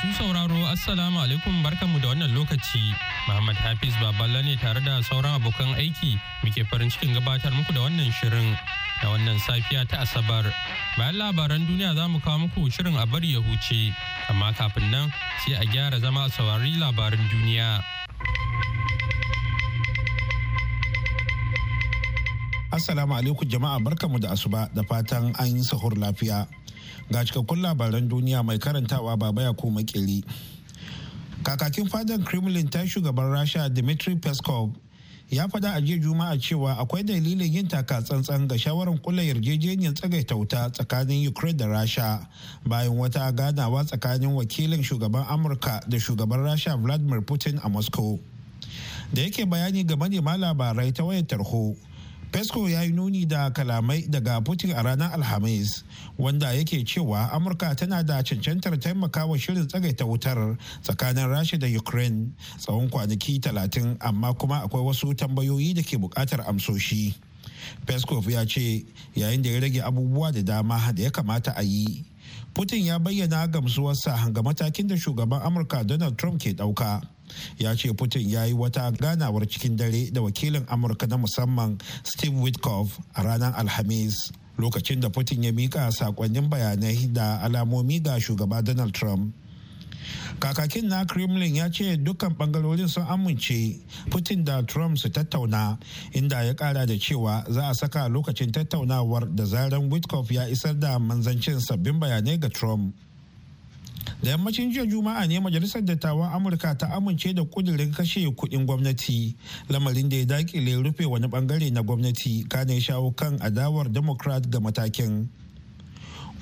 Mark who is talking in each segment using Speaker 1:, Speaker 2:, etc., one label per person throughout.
Speaker 1: Masu sauraro Assalamu alaikum barkanmu da wannan lokaci. Muhammad Hafiz Baballa ne tare da sauran abokan aiki muke farin cikin gabatar muku da wannan shirin da wannan safiya ta Asabar. Bayan labaran duniya za mu kawo muku shirin a bari ya huce, amma kafin nan sai a gyara zama a saurari labarin duniya.
Speaker 2: Assalamu alaikum jama'a barkanmu da asuba da fatan an yi sahur lafiya. Ga cikakkun labaran duniya mai karantawa baba ya ko makili. Kakakin fadar Kremlin ta shugaban Rasha Dmitry Peskov ya faɗa a jiya juma'a cewa akwai dalilin yin taka tsantsan ga shawarar kula yarjejeniyar tsagaita wuta tsakanin ukraine da rasha bayan wata ganawa tsakanin wakilin shugaban amurka da shugaban rasha vladimir putin a moscow da yake bayani ga manema labarai ta wayar tarho pesco ya yi nuni da kalamai daga putin a ranar alhamis wanda yake cewa amurka tana da cancantar taimakawa shirin tsagaita wutar tsakanin rasha da ukraine tsawon kwanaki 30 amma kuma akwai wasu tambayoyi da ke bukatar amsoshi peskov ya ce yayin da ya rage abubuwa da dama da ya kamata a yi putin ya bayyana gamsuwarsa ga matakin da shugaban amurka donald trump ke ɗauka. ya ce putin ya yi wata ganawar cikin dare da wakilin amurka na musamman steve witkoff a ranar alhamis lokacin da putin ya mika sakonnin bayanai da alamomi ga shugaba donald trump kakakin na kremlin ya ce dukkan bangarorin sun amince putin da trump su tattauna inda ya kara da cewa za a saka lokacin tattaunawar da zaren witkoff ya isar da manzancin sabbin bayanai ga trump da yammacin jiya juma'a ne majalisar dattawan amurka ta amince da kudirin kashe kudin gwamnati lamarin da ya dakile rufe wani bangare na gwamnati kane shawo kan adawar democrat ga matakin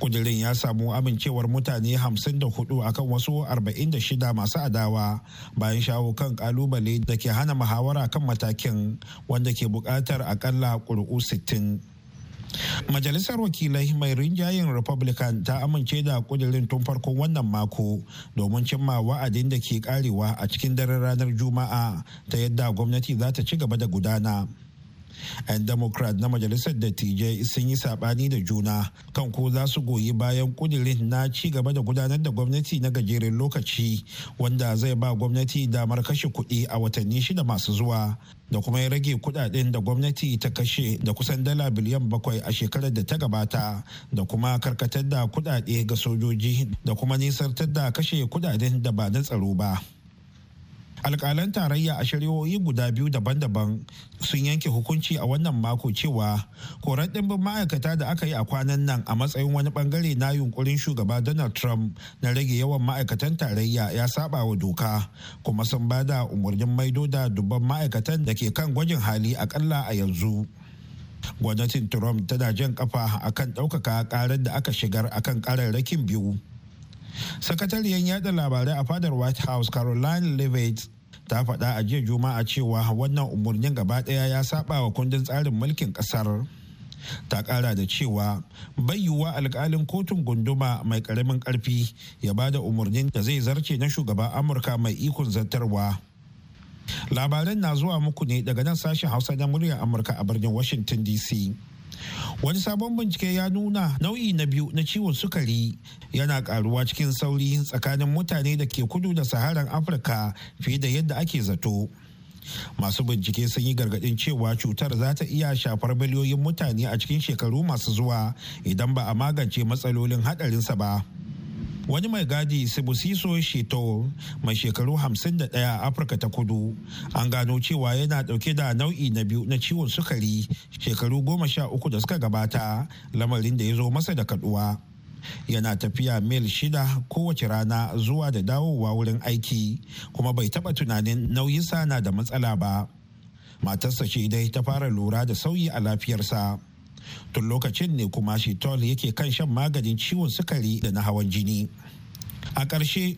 Speaker 2: kudirin ya samu amincewar mutane 54 akan wasu 46 masu adawa bayan shawo kan kalubale da ke hana muhawara kan matakin wanda ke bukatar akalla kuri'u 60 Majalisar Wakilai mai rinjayen Republican ta amince da kudirin tun farkon wannan mako domin cimma wa'adin da ke karewa a cikin daren ranar Juma'a ta yadda gwamnati za ta ci gaba da gudana. 'yan democrat na majalisar dattijai sun yi sabani da juna kan ko za su goyi bayan kudirin na ci gaba da gudanar da gwamnati na gajeren lokaci wanda zai ba gwamnati damar kashe kuɗi a watanni shida masu zuwa da kuma ya rage kudaden da gwamnati ta kashe da kusan dala biliyan bakwai a shekarar da ta gabata da kuma karkatar da kudade ga sojoji da kuma nisantar da kashe kudaden da ba na tsaro ba. alkalan tarayya a shari'o'i guda biyu daban-daban sun yanke hukunci a wannan mako cewa koran ɗimbin ma'aikata da aka yi a kwanan nan a matsayin wani bangare na yunkurin shugaba donald trump na rage yawan ma'aikatan tarayya ya saba wa doka kuma sun ba da umarnin maido da dubban ma'aikatan da ke kan gwajin hali akalla a yanzu gwamnatin trump tana jan kafa akan ɗaukaka karar da aka shigar akan kararrakin biyu sakatariyar yada labarai a fadar white house caroline levitt ta faɗa a jiya juma'a cewa wannan umarnin gaba ɗaya ya saba wa kundin tsarin mulkin ƙasar ta ƙara da cewa bayyuwa alkalin kotun gunduma mai karamin ƙarfi ya ba da umarnin da zai zarce na shugaban amurka mai ikon zartarwa labaran na zuwa muku ne daga nan sashen hausa na muryar amurka a birnin washington dc wani sabon bincike ya nuna nau'i na biyu na ciwon sukari yana karuwa cikin sauri tsakanin mutane da ke kudu da saharan afirka fiye da yadda ake zato masu bincike sun yi gargadin cewa cutar za ta iya shafar miliyoyin mutane a cikin shekaru masu zuwa idan ba a magance matsalolin haɗarinsa ba. wani mai gadi sibusiso sheto mai shekaru 51 a afirka ta kudu an gano cewa yana dauke da nau'i na biyu na ciwon sukari shekaru goma sha uku da suka gabata lamarin da ya zo masa da kaduwa yana tafiya mil shida kowace rana zuwa da dawowa wurin aiki kuma bai taba tunanin nauyinsa na da matsala ba matarsa ce dai ta fara lura da sauyi a lafiyarsa tun lokacin ne kuma shitol yake kan shan maganin ciwon sukari da na hawan jini a ƙarshe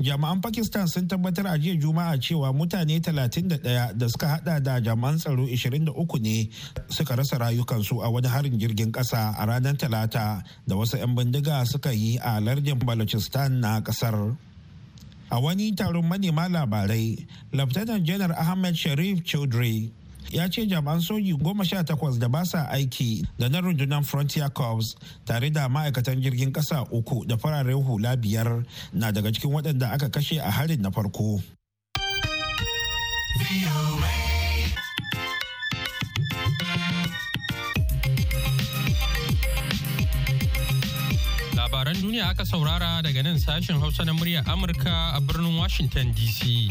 Speaker 2: jami'an pakistan sun tabbatar a jiya juma'a cewa mutane 31 da suka hada da jami'an tsaro 23 ne suka rasa rayukansu a wani harin jirgin kasa a ranar talata da wasu 'yan bindiga suka yi a lardin balochistan na kasar a wani taron manema labarai laftanar janar ahmed sharif chaudhry ya ce jami'an soji goma sha takwas da ba sa aiki da na rundunar frontier corps tare da ma'aikatan jirgin kasa uku da fararen hula biyar na daga cikin waɗanda aka kashe a harin na farko
Speaker 1: labaran duniya aka saurara daga nan sashen hausa na muryar amurka a birnin washington dc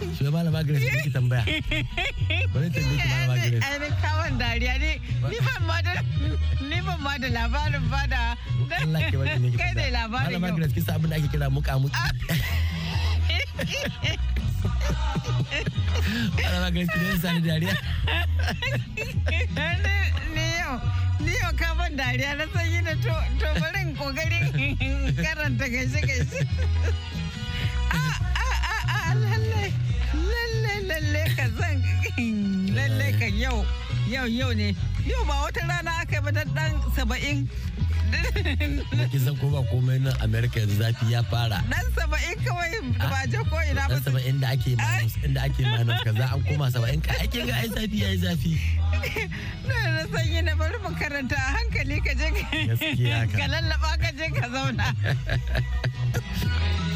Speaker 3: shi malama grace kike tambaya
Speaker 4: bari ta miki malama grace ai kawon dariya ne ni ban ma da ni ban ma da labarin ba da Allah ke wani ne kai da labarin malama grace
Speaker 3: kisa abin da ake kira muka muki malama grace kike sani dariya ne yo. ni yo ka
Speaker 4: ban dariya na san yin to to barin kokarin karanta gaishe gaishe lalle lalle lalle ka zan lalle yau yau ne yau ba wata rana aka yi ba dan saba'in
Speaker 3: kisan ko ba komai nan america yanzu zafi ya fara
Speaker 4: dan saba'in kawai ba je ko ina ba dan saba'in da ake minus inda ake minus kaza an koma saba'in ka ake ga ai zafi yi zafi na na sanyi na bari mu karanta a hankali ka je ka lallaba ka je ka zauna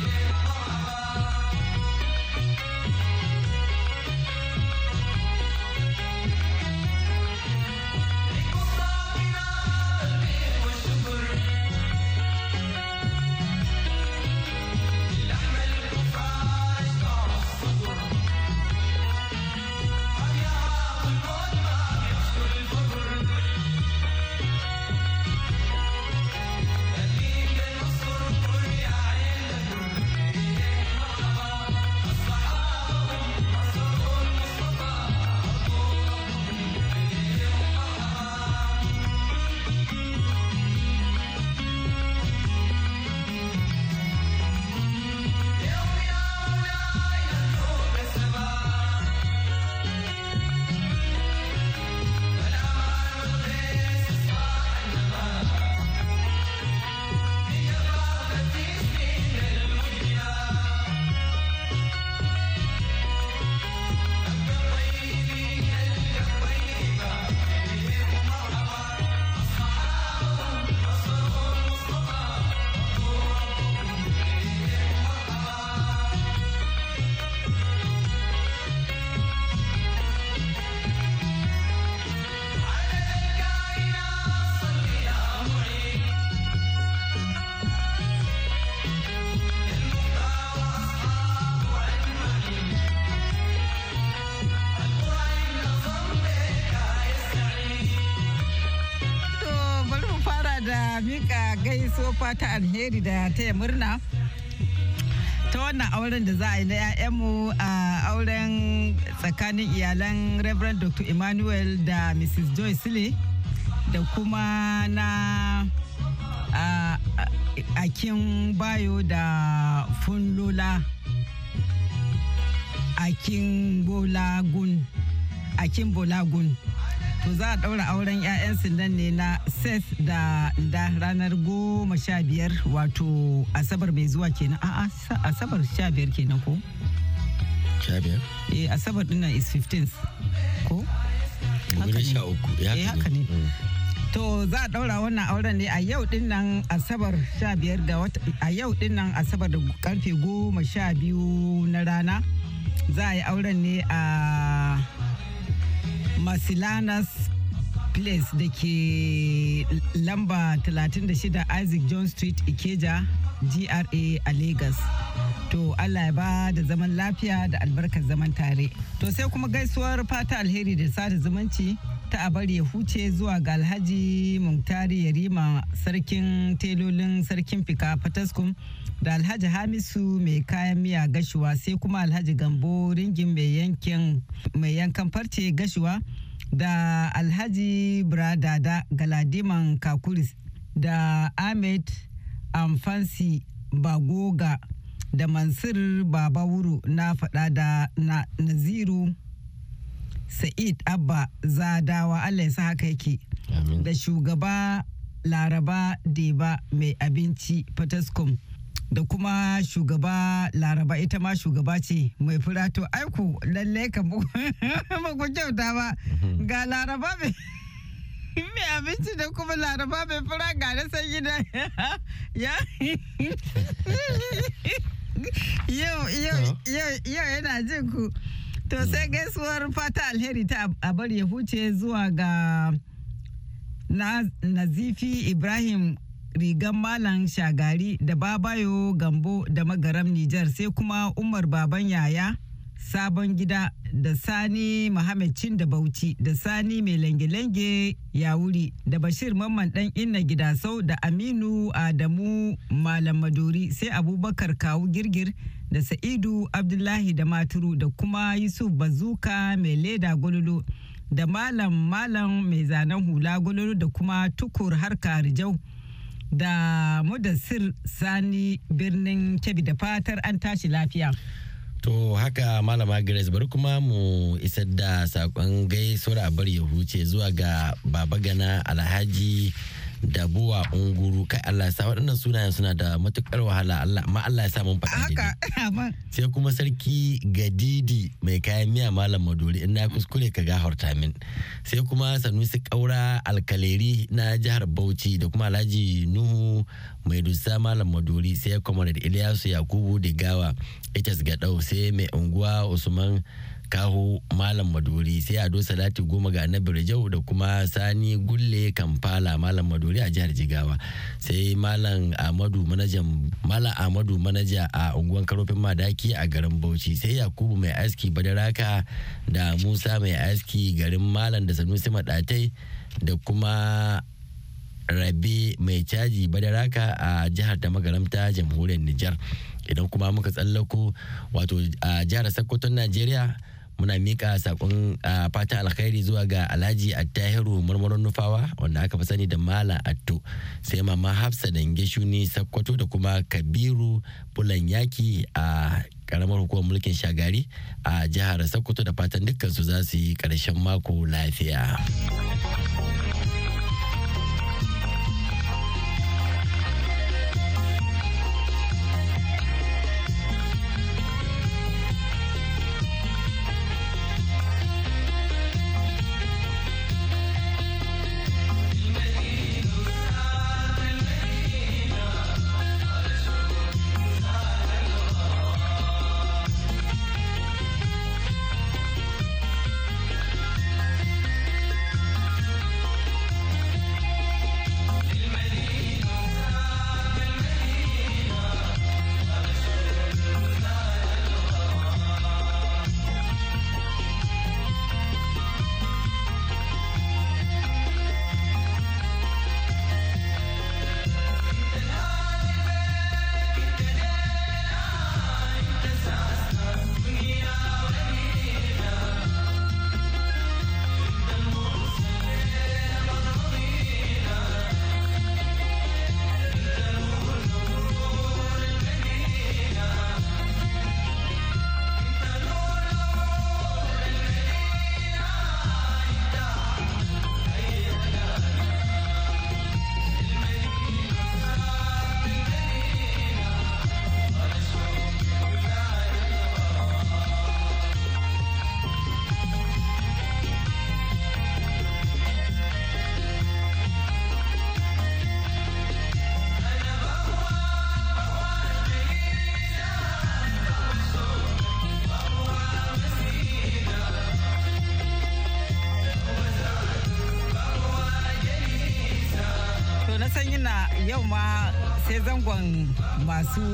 Speaker 4: mika gaiso fata alheri da taya murna ta wannan auren da za a yi na 'ya'yanmu a auren tsakanin iyalan reverend dr emmanuel da mrs joy sile da kuma na akin bayo da funlola akin akin bolagun To za a ɗaura auren 'ya'yan sindan ne na Seth da da ranar goma sha biyar wato Asabar mai zuwa kenan. A Asabar sha biyar kenan ko? Sha biyar? Eh Asabar dinnan is 15
Speaker 3: ko? Gobe sha uku. Eh, eh, haka ne. Mm.
Speaker 4: To za a ɗaura wannan auren ne a yau dinnan Asabar sha biyar ga wata a yau dinnan Asabar da karfe goma sha biyu na rana. Za a yi auren ne a marcilanas place da ke lamba 36 isaac john street ikeja gra a lagos to allah ya ba da zaman lafiya da albarkar zaman tare to sai kuma gaisuwar fata alheri da sada zumunci ta a bari ya huce zuwa ga alhaji Muntari yarima sarkin telolin sarkin fika fataskum da alhaji hamisu mai kayan miya gashuwa sai kuma alhaji gambo ringin mai yankan farce gashuwa da alhaji bradada galadiman kakuris da ahmed amfansi bagoga da mansur babawuru na fada da na, naziru sa'id abba zadawa allah ya haka yake da shugaba laraba deba mai abinci fataskom da kuma shugaba laraba ita ma shugaba ce mai fura aiku lalle ka ku kyauta ba mhm. ga laraba mai mai abinci da kuma laraba mai fura ga na san gida ya yau yana jin ku to mm. sai gaisuwar fata alheri ta abar ya huce zuwa ga nazifi ibrahim rigan malam shagari da babayo gambo da magaram nijar sai kuma umar baban yaya sabon gida da sani Muhammad Cin da Bauchi da sani mai lange-lange wuri da Bashir Mamman dan inna gida sau da Aminu Adamu Malam Maduri sai Abubakar Kawu Girgir da Sa'idu Abdullahi da Maturu da kuma Yusuf Bazuka mai leda gwalolo da Malam Malam mai zanen hula gwalolo da kuma tukur harka Rijau. da mudassir sani birnin kebbi da fatar an tashi lafiya
Speaker 3: To haka malama Grace bari kuma mu isar da saƙon gaisuwar a bar ya huce zuwa ga baba gana alhaji da unguru kai Allah sa waɗannan sunayen suna da matukar wahala Allah amma Allah ya sa mun faɗa sai kuma sarki gadidi mai kayan miya malam maduri in na kuskure ka ga min sai kuma sanusi kaura alkaleri na jihar bauchi da kuma alhaji nuhu mai dusa malam maduri sai da ilyasu yakubu da gawa hs gadau sai mai unguwa usman kaho malam maduri sai ado salati goma ga na birjau da kuma sani gulle kamfala malam maduri a jihar jigawa sai malam amadu manaja malam amadu manaja a unguwan karofin madaki a garin bauchi sai yakubu mai aski badaraka da musa mai aski garin malam da sanusi madatai da kuma rabe mai caji badaraka a jihar da magaramta jamhuriyar Nijar idan kuma muka tsallako wato a jihar Sokoton Najeriya muna mika sakon fatan alkhairi zuwa ga alhaji attahiru marmaron nufawa wanda aka fi sani da mala atto sai mama hafsa da shuni sakkwato da kuma kabiru bulan yaki a karamar hukumar mulkin shagari a jihar sakwato da fatan dukkan su za su yi karshen mako lafiya.
Speaker 4: kuma sai zangon masu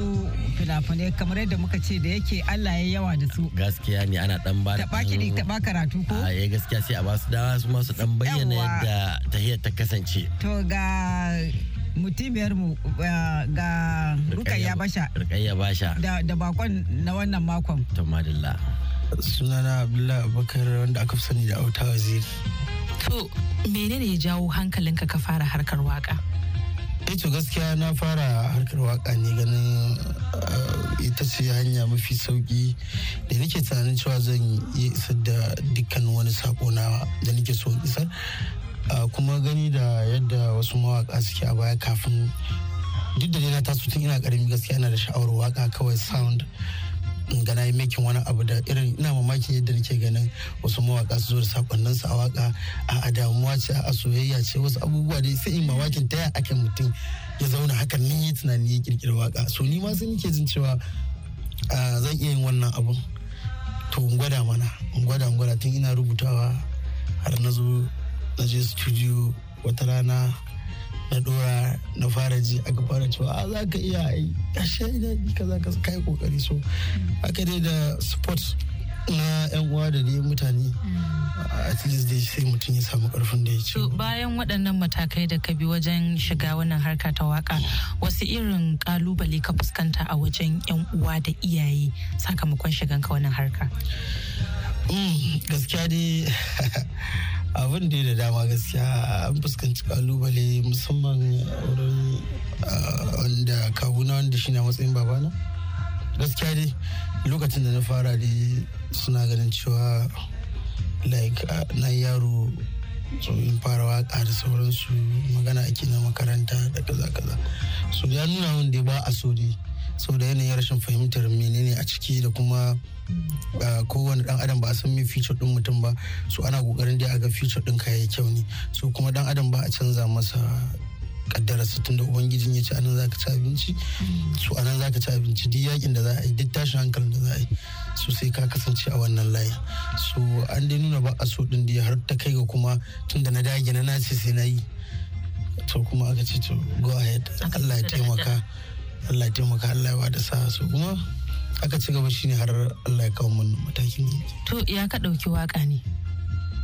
Speaker 4: fina-finai kamar yadda muka ce da yake Allah ya yawa da su.
Speaker 3: Gaskiya ne ana dan ba da kiɗi taɓa karatu ko? A eh, gaskiya sai a basu dawa su masu dan bayyana yadda tahiyar ta kasance.
Speaker 4: To ga mutumiyar mu ga rukayya basha. Rukayya basha. Da
Speaker 5: bakon na
Speaker 6: wannan makon. To madalla. Sunana Abdullahi Abubakar wanda aka fi sani da auta waziri.
Speaker 5: To menene ya jawo hankalinka ka fara harkar waka?
Speaker 6: eh to gaskiya na fara harkar waka ne ganin eh, ita ce hanya mafi sauki da nake tunanin cewa zan yi isar da dukkan wani sako na da nake so isar ah, kuma gani da yadda wasu mawaka suke a baya kafin duk da na taso tun ina karami gaskiya na da sha'awar waka kawai sound in gana yi makin wani abu da irin ina mamakin yadda nake ganin wasu mawaka su zo da sakonnin su a waka a damuwa ce a soyayya ce wasu abubuwa da sai in mamakin ta yaya ake mutum ya zauna hakan ni yi tunani ya kirkiri waka so ni ma sai nake jin cewa zan iya yin wannan abun to in gwada mana in gwada in gwada tun ina rubutawa har na zo na je studio wata rana na dora na fara ji aka fara cewa a ah, za ka iya ai ashe ina ni ka za ka kai kokari so aka dai da support na yan uwa da dai mutane at least dai sai mutum ya samu karfin da ya ci.
Speaker 5: bayan waɗannan matakai da ka bi wajen shiga wannan harka ta waka wasu irin kalubale ka fuskanta a wajen yan uwa da iyaye sakamakon shiganka wannan harka. Hmm, gaskiya
Speaker 6: dai abin da da dama gaskiya an fuskanci kalubale musamman wurin ah, wanda kawuna wanda shi na matsayin babana gaskiya dai lokacin da na fara dai suna ganin cewa like ah, na yaro in fara waka da sauransu magana ake na makaranta da kaza kaza so ya nuna wanda ba a so dai sau da yanayin rashin fahimtar menene a ciki da kuma kowane dan adam ba a san me feature din mutum ba so ana kokarin dai a ga feature din kayayyaki kyau ne so kuma dan adam ba a canza masa kaddara sittin da ubangijin ya ce anan zaka ci abinci so anan zaka ci abinci duk yakin da za a yi duk tashin hankalin da za a yi su sai ka kasance a wannan layi so an dai nuna ba a so din da har ta kai ga kuma tun da na dage na nace sai na yi to kuma aka ce to go ahead Allah ya taimaka Allah ya taimaka Allah ya ba da sa'a su kuma aka ci gaba shine har Allah ya kawo mun matakin
Speaker 5: to ya ka dauki waka ne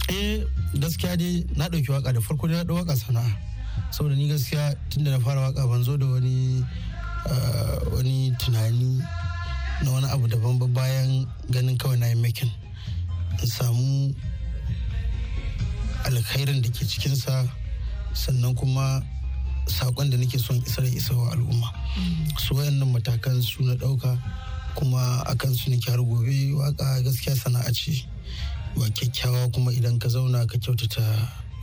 Speaker 6: eh gaskiya dai na dauki waka da farko da na dauki waka sana'a saboda ni gaskiya tunda na fara waka ban zo da wani ah, wani tunani na wani abu daban ba bayan ganin kawai na yi makin in samu alkhairin da ke cikinsa sannan kuma sakon da nake son isar isarwa al'umma mm. su wayannan matakan su na ɗauka kuma a kan su nake har gobe waka gaskiya sana'a ce ba kyakkyawa kuma idan ka zauna ka kyautata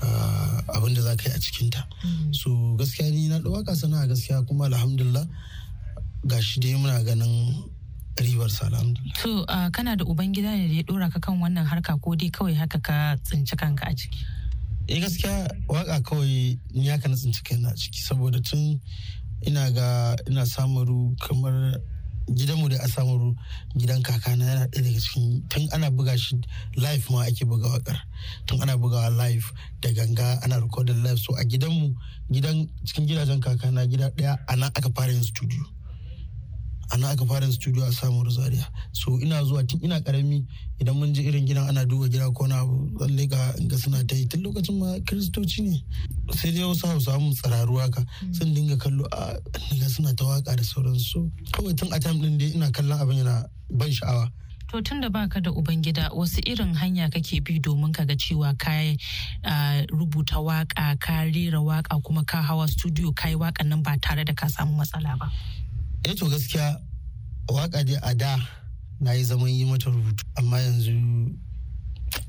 Speaker 6: ah, abin da za ka yi a cikinta mm. so gaskiya ni na waka sana'a gaskiya kuma alhamdulillah gashi dai muna ganin ribar salam.
Speaker 5: To ah, kana da ubangida ne da ya ɗora ka kan wannan harka ko dai kawai haka ka tsinci kanka a ciki?
Speaker 6: eh gaskiya waka kawai ni ya ka tsinci kaina ciki saboda tun ina ga ina samaru kamar gidanmu da a samaru gidan kakana yana ɗaya daga cikin tun ana buga shi live ma ake buga wakar tun ana bugawa live da ganga ana recording live so a gidanmu gidan cikin gidajen kakana gida ɗaya a nan aka fara yin studio ana aka fara studio a samun zaria so ina zuwa tun ina karami idan mun je irin gidan ana duba gida ko na abu tsalle ga ga suna ta yi tun lokacin ma kristoci ne sai dai wasu hausa mu tsararu haka sun dinga kallo a ah, ga suna ta waka da sauransu kawai tun a time din dai ina kallon abin yana ban sha'awa
Speaker 5: To tun da baka da Ubangida wasu irin hanya kake bi domin ka ga cewa ka ah, rubuta waka, ka rera waka kuma ka hawa studio ka yi wakan nan ba tare da ka samu matsala ba.
Speaker 6: eh to gaskiya waka dai a da na yi zaman yi mata rubutu amma yanzu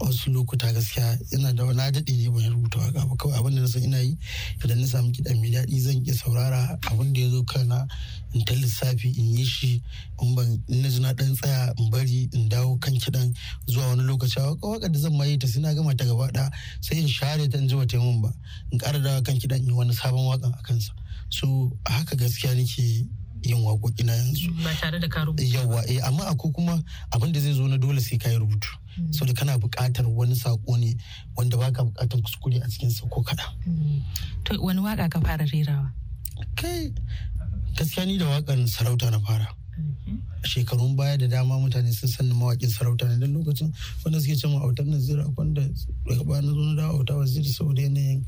Speaker 6: wasu lokuta gaskiya ina da na daɗe ne ban rubuta waka ba kawai abin da na san ina yi idan na samu kiɗan mai daɗi zan iya saurara abin da ya zo kana in ta lissafi in yi shi in ban in na ji ɗan tsaya in bari in dawo kan kiɗan zuwa wani lokaci waka waka da zan maye ta sai na gama ta gaba ɗaya sai in share ta in ji wata mun ba in ƙara dawo kan kiɗan in wani sabon wakan a kansa so haka gaskiya nake yin waƙoƙi na yanzu
Speaker 5: ba tare da ka rubuta
Speaker 6: yawa eh amma akwai kuma abin da zai zo na dole sai ka yi rubutu mm. da kana buƙatar wani saƙo ne wanda baka buƙatar kuskure a cikin sa ko kaɗan
Speaker 5: mm. to wani waƙa ka fara rerawa
Speaker 6: kai gaskiya ni da waƙar sarauta na fara shekarun baya da dama mutane sun san ni mawaƙin sarauta ne don lokacin wanda suke cewa autar nazira wanda daga baya na zo na dawo auta waziri saboda yanayin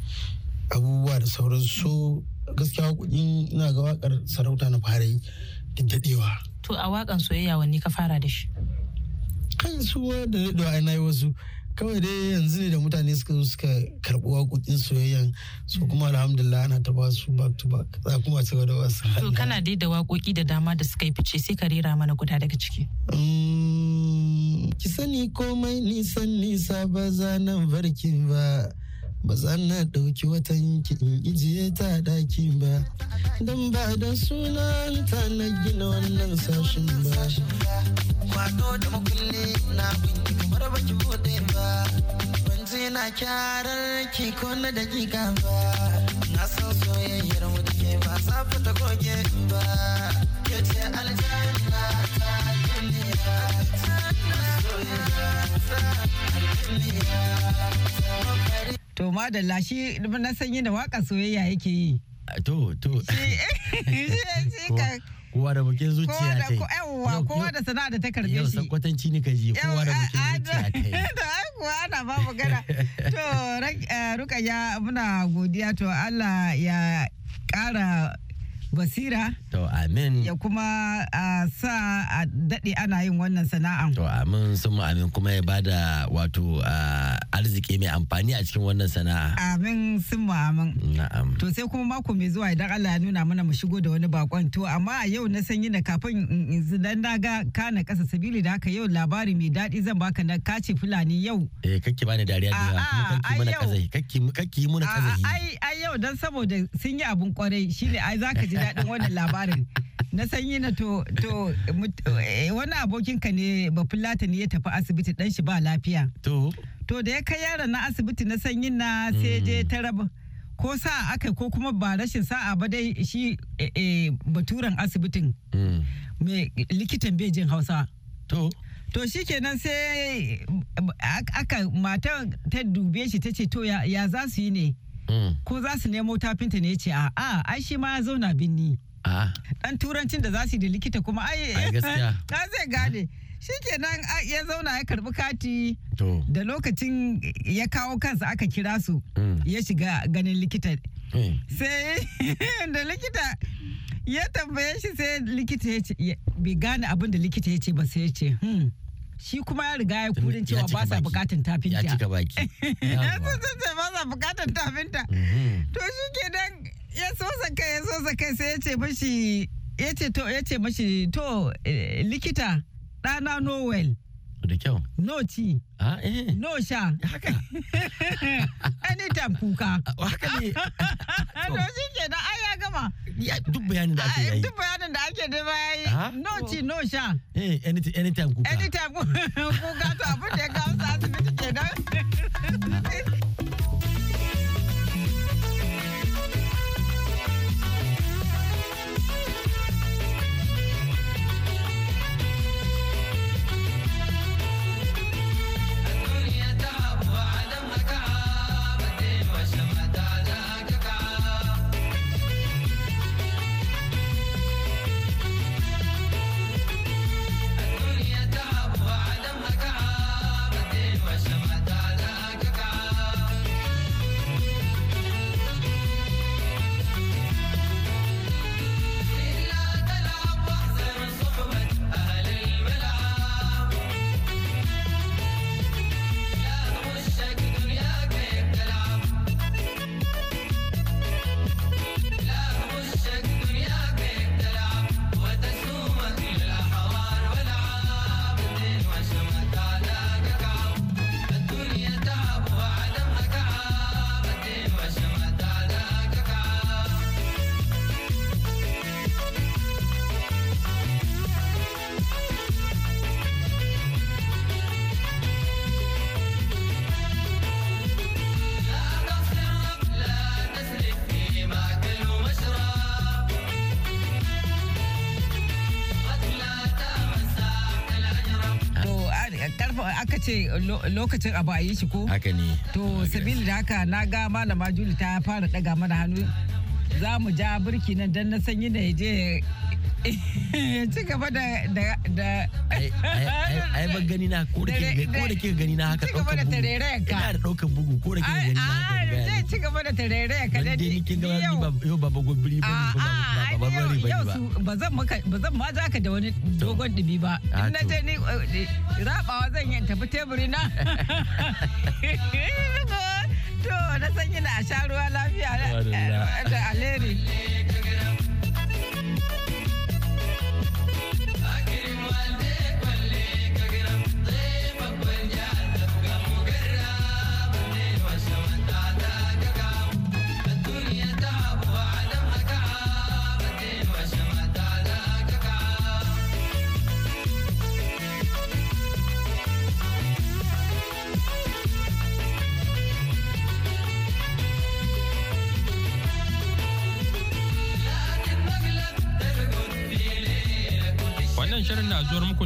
Speaker 6: abubuwa da sauransu gaskiya kudin ina ga wakar sarauta na fara yi da dadewa
Speaker 5: To a wakan soyayya wanne ka fara da shi?
Speaker 6: Kan su da daɗewa na yi wasu kawai dai yanzu ne da mutane suka zo suka karɓi waƙoƙin soyayya su kuma alhamdulillah ana ta ba su back to back za kuma ci da wasu. To kana
Speaker 5: dai da waƙoƙi da dama da suka yi fice sai ka rera mana guda daga ciki.
Speaker 6: Mm, ki sani komai nisan nisa ba za nan barkin ba. ba za na ɗauki watan ki in ijiye ta daki ba don ba da sunan ta na gina wannan sashin ba kwado da makulli na binki kamar baki bude ba ban ji na kyarar ki ko na dakika ba na san soyayyar
Speaker 3: mu ke ba safa ta goge ba ke ce aljanna ta duniya
Speaker 5: ta soyayya ta duniya
Speaker 4: ta To madalla shi na sanyi da waka soyayya yake yi.
Speaker 3: To to. Shi eh, ka. kowa da bakin zuciya ta yi kowa da
Speaker 4: sana'a da ta karbe shi yau
Speaker 3: sakwatanci ne ka ji kowa da bakin zuciya ta yi
Speaker 4: to ai kuwa ana ba magana to eh, rukaya muna godiya to Allah ya kara basira to amin ya kuma a sa a daɗe ana yin wannan sana'an to
Speaker 3: amin sun mu amin kuma ya bada wato arziki mai amfani a cikin wannan sana'a
Speaker 4: amin sun mu amin na'am to sai kuma mako mai zuwa idan Allah ya nuna mana mu shigo da wani bakon to amma a yau na sanyi na kafin dan na ga kana kasa sabili da haka yau labari mai daɗi zan baka na kace fulani yau
Speaker 3: eh kake bani dariya da kuma kake mana kazahi kake kake muna kazahi ai
Speaker 4: ai yau dan saboda sun yi abun kwarai shine ai zaka ji daɗin wannan labarin. Na sanyi na to to eh, wani abokin ka ne bafulata ne ya tafi asibiti dan shi ba lafiya. To. To da ya kai yaron na asibiti na sanyi na sai je mm. ta raba. ko sa aka ko kuma ba rashin sa'a ba dai shi eh, eh, baturen asibitin mai mm. likitan bejin hausa to to shi kenan sai aka mata ta dube shi ta ce to ya za su yi ne Mm. ko za su nemo tafinta ne ce a ai shi ma ya zauna binni dan turancin da za su yi da likita kuma ai ta zai gane shi nan ya zauna ya karbi kati da lokacin ya kawo kansa aka kira su mm. ya shiga ganin likita mm. sai da likita ya tambaye shi sai likita ya ce bai gane abin da likita ya ce ba sai ya ce hmm, shi kuma ya riga ya kurin cewa ba sa bukatan tafinta. Ya cika baki. Ba sa bukatan tafinta. Mm-hmm. To shi ke dan ya sosa kai ya sosa kai sai ya ce mashi ya ce to ya ce mashi to eh, likita ɗana Noel. ku da kyau. No ci. Ah, eh. No sha. Haka. Anytime kuka. Ah, haka ne. To shi ke da ai ya gama.
Speaker 3: Ya duk bayanin da ake yi. Duk
Speaker 4: bayanin da ake da bayi. Ah? No ci no
Speaker 3: sha. Eh, anytime anytime kuka.
Speaker 4: Anytime kuka to abin da ya kawo sa asibiti kenan. aka ce lokacin abu a yi shi ko haka ne to sabili da haka na ga malama juli ta fara daga mana hannu za mu ja birki nan don na sanyi da ya je ci gaba da da da
Speaker 3: ai gani na ko da ke ko gani na haka ɗaukan bugu ina da ɗaukan bugu ko da ke gani na
Speaker 4: haka zai
Speaker 3: ci gaba da tarere ka da ni kin ga ni yau baba
Speaker 4: gobiri ba ba ba ba yau ba zan maka ba zan ma zaka da wani dogon dubi ba ah, in na je ni eh, rabawa zan yi tafi teburi na to na san yana a sha ruwa lafiya da alheri